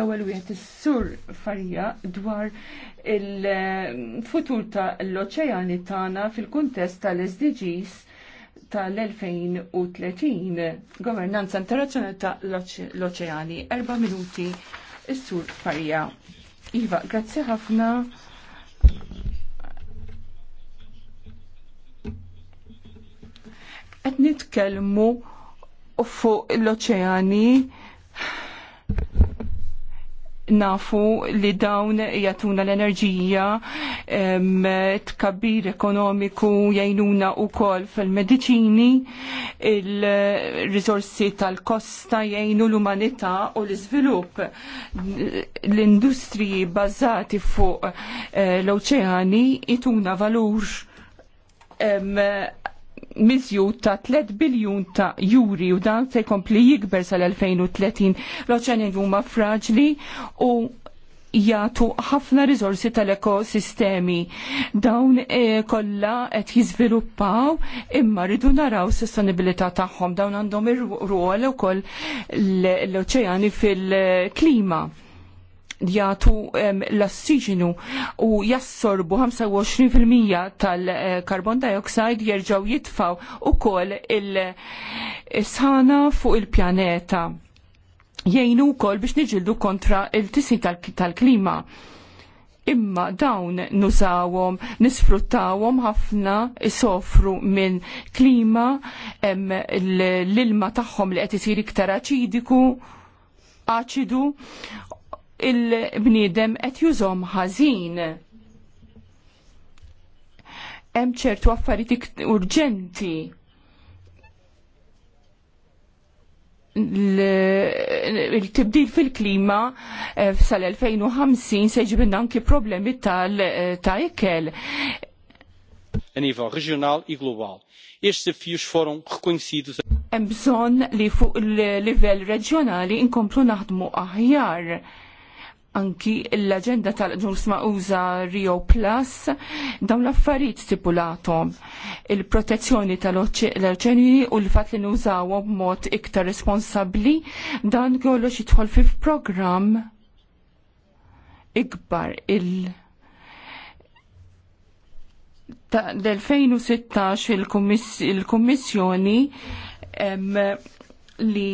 l-ewwel wieħed is-sur Farija dwar il-futur ta' l-oċeani tagħna fil-kuntest tal-SDGs tal-2030 Governanza Internazzjonali ta' l-Oċeani. Erba' minuti is-sur Farija. Iva, grazzi ħafna. Qed nitkellmu fuq l-oċeani nafu li dawn jatuna l-enerġija tkabbir ekonomiku jajnuna u kol fil-medicini il-rizorsi tal-kosta jajnu l-umanita u l-izvilup l-industriji bazzati fuq eh, l-oċeani ituna valur miżjud ta' 3 biljun ta' juri u dan se jkompli jikber sal-2030 l oċeani huma fraġli u jagħtu ħafna riżorsi tal-ekosistemi. Dawn e, kollha qed jiżviluppaw imma rridu naraw sostenibilità tagħhom dawn għandhom ir-rwol ukoll l-oċeani fil-klima jagħtu l-ossiġenu u jassorbu 25% tal-carbon dioxide jerġgħu jitfaw ukoll il-sana fuq il-pjaneta. Jgħinu wkoll biex niġildu kontra il-tisin tal-klima. Imma dawn nużawhom, nisfruttawhom ħafna isofru minn klima, l-ilma tagħhom li qed isir iktar aċidiku, aċidu il-bniedem qed jużom ħażin. Hemm ċertu affarijiet urġenti il-tibdil fil-klima eh, sal-2050 se jġibinna anki problemi tal-ikel. Eh, a nível regional e global. Estes fjux forum reconhecidos. Hemm bżonn li fuq il-livell reġjonali inkomplu naħdmu aħjar anki l-agenda tal-ġurs ma'uża Rio Plus dawn l-affarijiet stipulatom il-protezzjoni tal-oċeni u l-fat li nużawhom b'mod iktar responsabbli dan kollox jidħol fi program ikbar il- l-2016 il-Kummissjoni li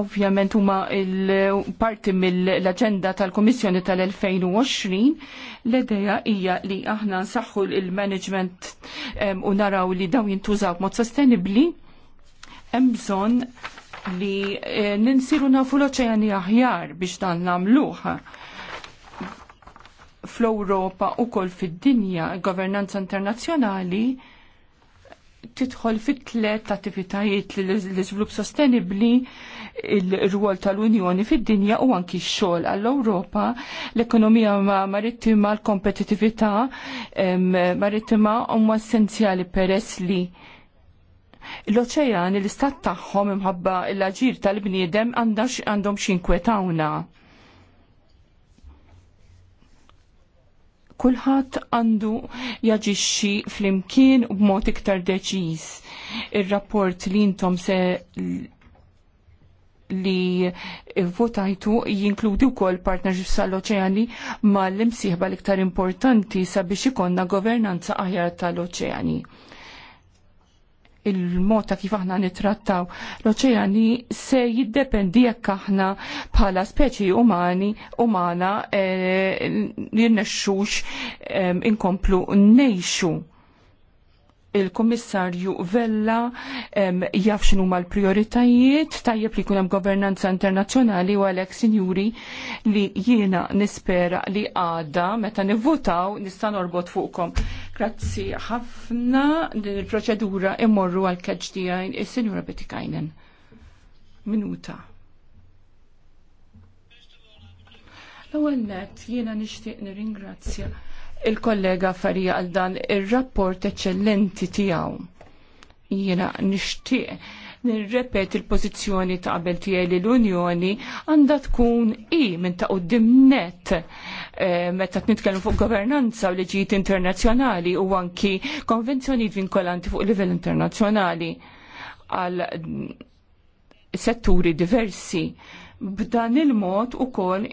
ovvjament huma parti mill-aġenda tal-Komissjoni tal-2020 l-idea hija li aħna nsaħħu il-management u naraw li daw jintużaw b'mod sostenibbli hemm bżonn li e, ninsiru nafu l-oċeani aħjar biex dan nagħmluh fl-Ewropa u kol fid-dinja governanza internazzjonali titħol fit-tlet attivitajiet l-iżvilupp sostenibli il-rwol tal-Unjoni fid-dinja u anki x-xogħol għall-Ewropa, l-ekonomija marittima, l-kompetitività marittima huma essenzjali peress li l-oċean l-istat tagħhom imħabba l-aġir tal-bniedem għandhom xinkwetawna. kulħadd għandu jaġixxi flimkien u b'mod iktar deċiż. Ir-rapport li intom se li votajtu jinkludi wkoll partnerships tal-oċeani mal-imsieħba l-iktar importanti sabiex ikonna governanza aħjar tal-oċeani il-mod ta' kif aħna nitrattaw l-oċeani se jiddependi jekk aħna bħala speċi umani umana eh, jirnexxux eh, inkomplu nejxu il kommissarju Vella eh, jaf x'inhu l-prioritajiet tajjeb li jkun hemm governanza internazzjonali u għalhekk sinjuri li jiena nispera li għada meta nivvutaw nista' norbot fuqkom Grazzi ħafna din il-proċedura imorru għal tiegħi il-Sinjura eh, Betikajnen. Minuta. L-ewwel nett jiena nixtieq nirringrazzja il-kollega Farija għal dan ir-rapport eċċellenti tiegħu. Jiena nixtieq nirrepet il-pozizjoni ta' qabel tiegħi li l-Unjoni għandha tkun i minn ta' qudiem net eh, meta tnitkellmu fuq governanza u liġijiet internazzjonali u anki konvenzjonijiet vinkolanti fuq livell internazzjonali għal mm, setturi diversi. B'dan il-mod ukoll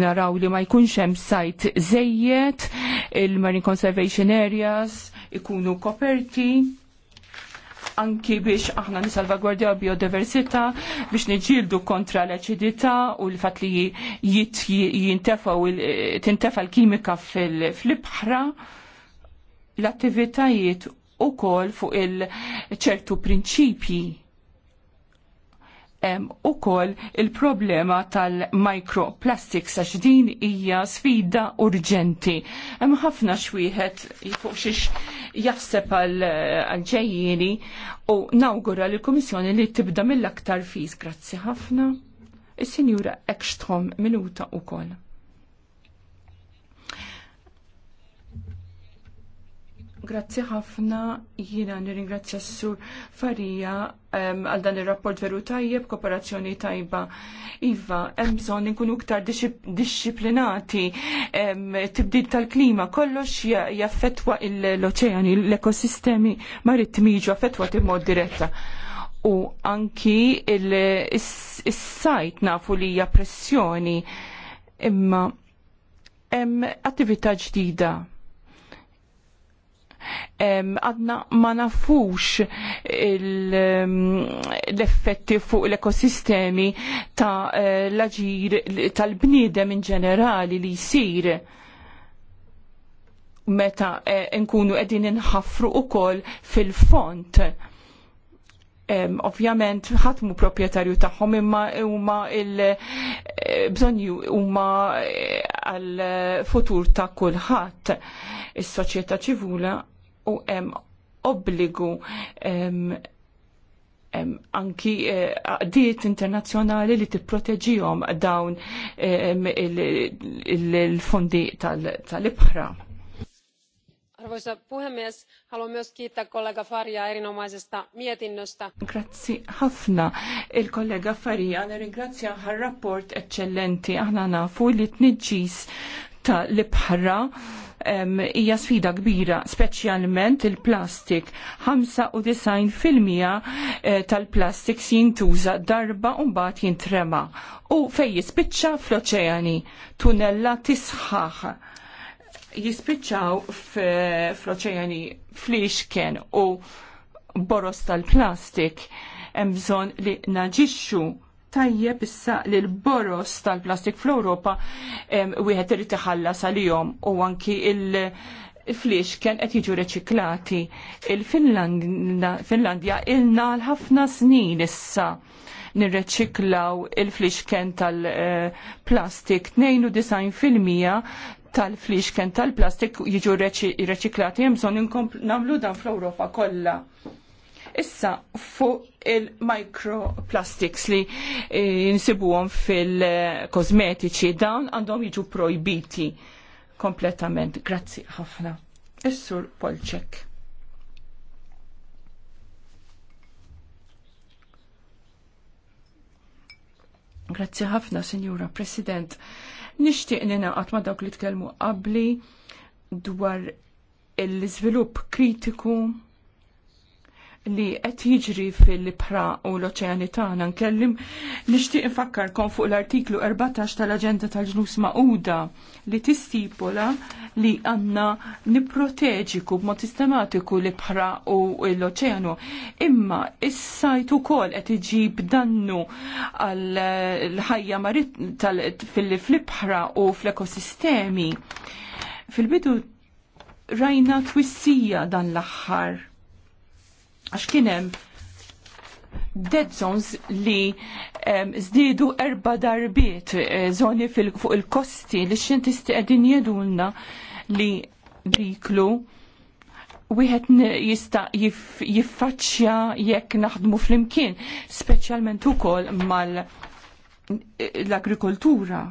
naraw li ma jkunx hemm sajt żejjed, il-Marine Conservation Areas ikunu koperti anki biex aħna nisalvagwardja biodiversità biex niġildu kontra l-acidità u l-fat li jintefa tintefa l-kimika fil-bħra l-attivitajiet u kol fuq il-ċertu prinċipji u kol il-problema tal-microplastics għax din hija sfida urġenti. Hemm ħafna xwieħed fuq xiex jaħseb għal-ġejjieni u nawgura l kummissjoni li tibda mill-aktar fiż. Grazzi ħafna. Is-Sinjura Ekstrom minuta u Grazzi ħafna jina nirringrazzja s-sur Farija għal dan il-rapport veru tajjeb, kooperazzjoni tajba. Iva, hemm bżonn inkunu iktar disċiplinati, tibdil tal-klima, kollox jaffetwa l-oċeani, l-ekosistemi marittimi jiġu affetwa mod diretta u anki il-sajt nafu li hija pressjoni imma hemm attività ġdida għadna ma nafux l-effetti fuq l-ekosistemi ta' eh, l-aġir tal-bniedem in ġenerali li jisir meta eh, nkunu qegħdin inħaffru ukoll fil-font. Ovvjament ħatmu proprjetarju tagħhom imma huma il-bżonju eh, huma għal futur ta' kulħadd. Is-soċjetà ċivula u hemm obbligu anki eh, għaddiet internazzjonali li tipproteġihom dawn il-fondi tal-ibħra. Arvoisa puhemies, haluan myös kiittää kollega Faria erinomaisesta mietinnöstä. Grazzi ħafna il-kollega Faria, ringrazia har rapport eccellenti, aħna nafu li t ta' l-ibħra hija sfida kbira, speċjalment il-plastik. 95% eh, tal-plastik jintuża darba u mbagħad jintrema. U fejn jispiċċa fl-oċeani, tunella tisħaħ jispiċċaw fl-oċeani fl-ixken u boros tal-plastik hemm bżonn li naġixxu tajjeb issa li l-boros tal-plastik fl-Europa wieħed irid iħallas għal-jom u anki il- fliex kien qed jiġu reċiklati. Il-Finlandja ilna l-ħafna snin issa nirreċiklaw il kien tal-plastik. 92% tal kien tal-plastik jiġu reċiklati, jemżon namlu dan fl-Europa kollha Issa fuq il-microplastics li eh, nsibuhom fil-kosmetiċi dawn għandhom jiġu projbiti kompletament. Grazzi ħafna. Is-sur Polċek. Grazzi ħafna, Sinjura President. Nixtieq nina ma dawk li tkellmu qabli dwar l-iżvilupp kritiku li qed jiġri fil-libħra u l-oċeani tagħna nkellim nixtieq infakkarkom fuq l-artiklu 14 tal-Aġenda tal-Ġnus Maquda li tistipula li għandna nipproteġiku b'mod sistematiku l-ibħra u l-oċeanu. Imma is-sajt ukoll qed iġib dannu għall-ħajja marit fil-ibħra u fl-ekosistemi. Fil-bidu rajna twissija dan l-aħħar Għax kienem dead zones li um, zdidu erba darbiet eh, zoni fuq il-kosti li xintisti għedin jedulna li diklu wieħed jista jiffaċċja jekk naħdmu flimkien, speċjalment ukoll mal l-agrikoltura.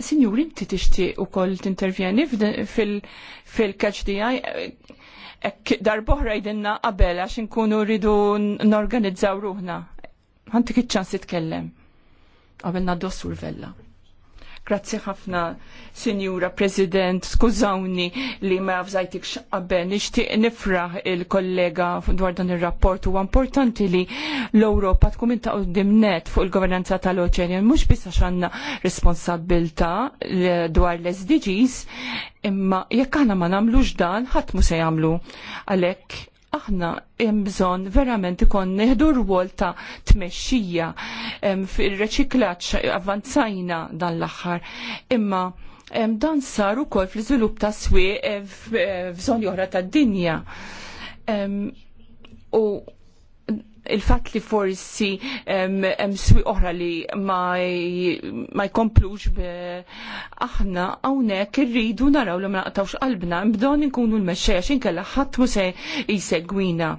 Signori, ti tixti u koll t-intervjeni fil khdi di għaj, darboħra jidinna qabel għax nkunu rridu n-organizzaw ruħna. Għantik iċ-ċans kellem Qabel naddu s-survella. Grazzi ħafna, Sinjura President, skużawni li ma għafżajtik qabel, nixtieq nifraħ il-kollega dwar dan ir-rapport huwa importanti li l-Ewropa tkun inta net fuq il-governanza tal-oċenjan mhux biss xanna għandna responsabilità dwar l-SDGs, imma jekk aħna ma nagħmlux dan ħadd mu se jagħmlu. Għalhekk aħna hemm bżonn verament ikon neħdu rwol ta' tmexxija fil-reċiklaġġ avvanzajna dan l-aħħar. Imma dan sar ukoll fl-iżvilupp ta' swieq eh, eh, f'żoni oħra tad-dinja. U il-fat li forsi hemm swi oħra li ma, jkomplux aħna hawnhekk irridu naraw li ma naqtawx qalbna mbdon inkunu l-mexxej għax inkella ħadd mhux se jsegwina.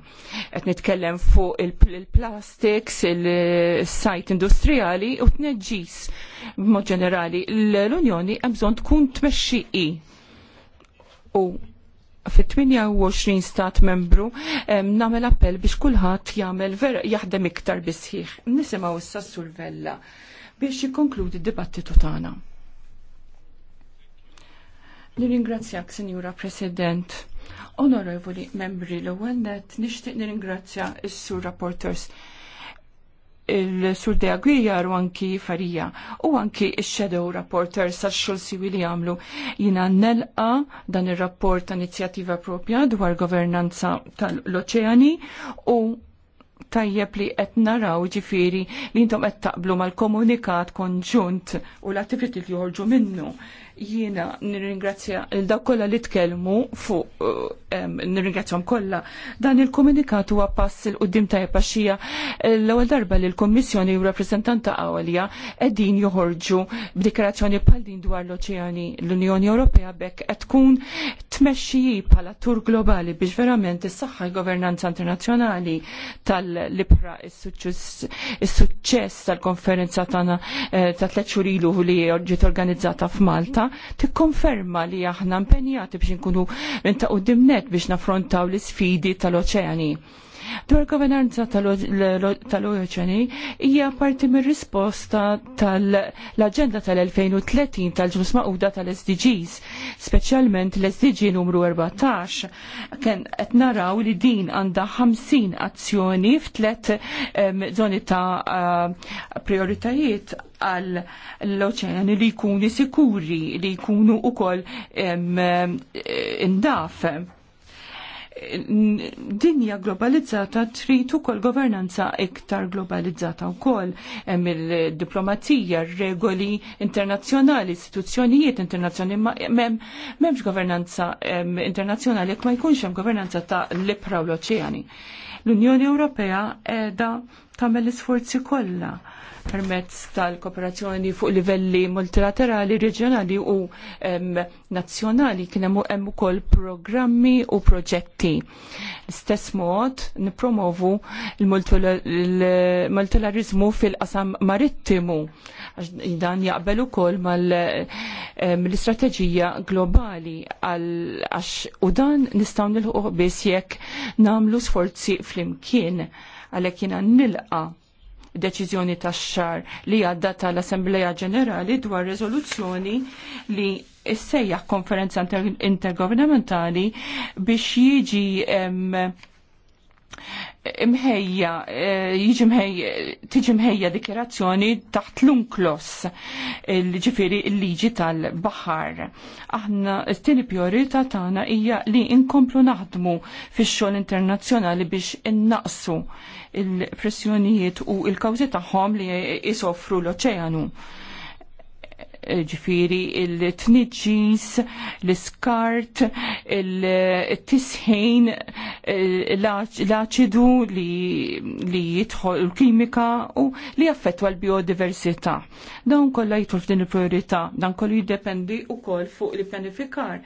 Qed nitkellem fuq il-plastics, il-sajt industrijali u tneġġis b'mod ġenerali l-Unjoni hemm bżonn tkun tmexxi u fit-28 stat membru nagħmel appell biex kulħadd jagħmel ver jaħdem iktar bisħiħ. Nisimgħu issa s-survella biex jikkonkludi d-dibattitu tagħna. Nirringrazzjak, Sinjura President. Onorevoli membri, l-ewwel nett nixtieq nirringrazzja s-sur rapporters il-Sur de Aguirre u anki Farija u anki il-Shadow reporter sa' xulsi li għamlu jina nelqa dan il-rapport ta' inizjattiva propja dwar governanza tal-oċeani u tajjeb li qed naraw ġifiri li intom qed taqblu mal-komunikat konġunt u l-attiviti li joħorġu minnu jiena nirringrazzja il-dawk kollha li tkellmu fuq eh, nirringrazzjahom kollha. Dan il-komunikat huwa pass il qudiem ta' xija l-ewwel darba li l-Kummissjoni u rappreżentanta Awalja qegħdin joħorġu b'dikarazzjoni bħal din dwar l-oċeani l-Unjoni Ewropea bekk qed tkun tmexxiji bħala tur globali biex verament is-saħħa l-governanza internazzjonali tal-libra is-suċċess tal-konferenza tagħna eh, ta' tliet xhur ilu li ġiet organizzata f'Malta tikkonferma li aħna impenjati biex nkunu rinta qudimnet biex naffrontaw l-isfidi tal-oċeani. Dwar governanza tal-oċeni hija parti mir risposta tal-Aġenda tal-2030 tal ġus maquda tal-SDGs, speċjalment l-SDG numru 14. Kien qed naraw li din għandha 50 azzjoni f'tlet zoni ta' eh, prioritajiet għal l-oċeani li jkunu sikuri, li jkunu ukoll eh, indaf dinja globalizzata trid ukoll governanza iktar globalizzata wkoll hemm il-diplomazija, regoli internazzjonali, istituzzjonijiet internazzjonali m'hemmx governanza internazzjonali jekk ma jkunx hemm governanza ta' libra u l-oċeani. L-Unjoni Ewropea qiegħda tamel l-isforzi kollha permezz tal-kooperazzjoni fuq livelli multilaterali, reġjonali u nazzjonali kien hemm ukoll programmi u proġetti. L-istess mod nippromovu l-multilarizmu fil-qasam marittimu għax dan jaqbel ukoll mal-istrateġija globali għax u dan nistgħu nilħuq biss jekk nagħmlu sforzi flimkien għalhekk jiena nilqa deċiżjoni tax-xar li għadda tal-Assembleja Ġenerali dwar rezoluzzjoni li issejjaħ konferenza intergovernamentali biex jiġi imħejja, eh, jiġi mħejja, tiġi mħejja dikjerazzjoni taħt l-unklos, eh, ġifiri l-liġi tal-bahar. Aħna, t-tini priorita tagħna hija li inkomplu naħdmu fix-xogħol internazzjonali biex innaqsu il-pressjonijiet u il-kawżi tagħhom li jisofru l-oċeanu ġifiri il-tniġis, l-skart, il-tisħin, l-aċidu li jidħol il-kimika u li jaffetwa l-biodiversità. Dawn kollha jitħol f'din il priorita dan kollu jiddependi u koll fuq li planifikar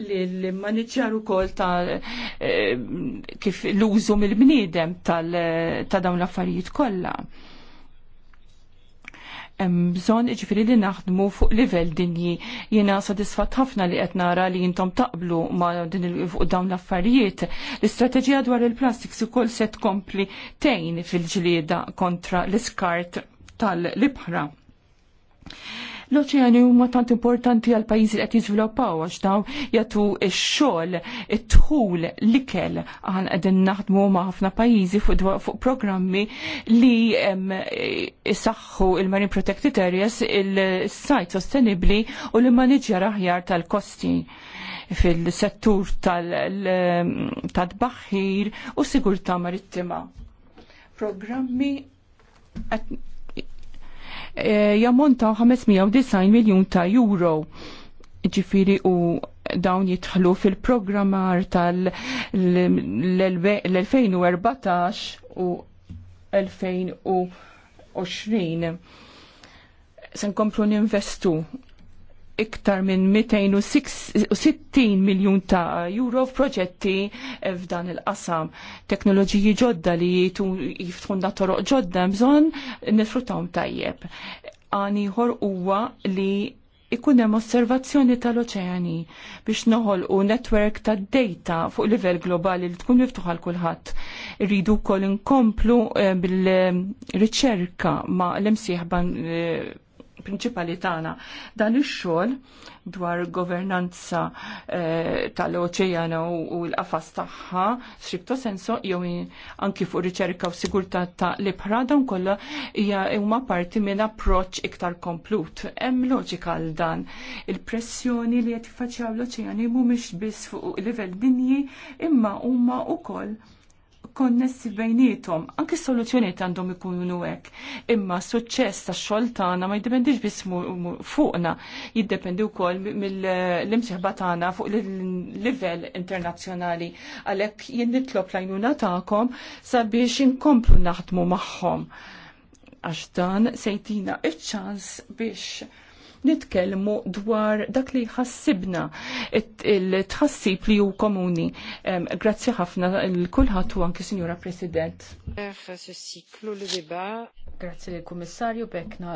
li l-maniġjar u koll ta' eh, kif l-użu mill-bniedem ta' dawn l-affarijiet kollha bżon ġifiri li naħdmu fuq livell dinji. Jena sadisfat ħafna li qed nara li jintom taqblu ma din fuq dawn l-affarijiet. L-istrateġija dwar il-plastiks kol se tkompli tejn fil-ġlieda kontra l-iskart tal-libħra. L-oċeani huma tant importanti għal pajjiżi qed jiżviluppaw għax daw jagħtu x-xogħol, it-tħul, l-ikel għan qegħdin naħdmu ma' ħafna pajjiżi fuq programmi li isaħħu il-Marine Protected Areas il-sajt sostenibbli u l-maniġjar aħjar tal-kosti fil-settur tal-tbaħħir u sigurtà marittima. Programmi Eh, jammontaw 590 miljun ta' euro. Ġifiri u dawn jitħlu fil-programmar tal-2014 u 2020. Sen komplu ninvestu iktar minn 260 miljun ta' euro f'proġetti eh, f'dan il-qasam. Teknoloġiji ġodda li jiftħunna toroq ġodda bżon nifrutawm tajjeb. ħor huwa li ikun hemm osservazzjoni tal-oċeani biex u netwerk ta' data fuq livell globali li tkun miftuħa għal kulħadd. Irridu wkoll inkomplu eh, bil-riċerka eh, ma' l-imsieħba prinċipali tagħna. Dan ix-xogħol dwar governanza eh, tal oċeana u l-qafas tagħha strikto senso jew anki fuq riċerka u sigurtà ta' libħra dawn kollha huma parti minn approċċ iktar komplut. Hemm loġika għal dan. Il-pressjoni li qed jiffaċċjaw l-oċeani mhumiex biss fuq livell dinji imma huma wkoll konnessi bejnietom. Anki soluzzjoniet għandhom ikunu hekk. Imma suċċess ta' xogħol tagħna ma jiddependix biss fuqna, jiddependi wkoll mill-imsieħba tagħna fuq livell internazzjonali. Għalhekk jien nitlob lajnuna tagħkom sabiex inkomplu naħdmu magħhom. Għax dan sejtina iċ-ċans biex nitkellmu dwar dak li ħassibna il-tħassib li hu komuni. Grazzi ħafna l-kulħadd u anki Signora President. Grazzi lill-Kummissarju Bekna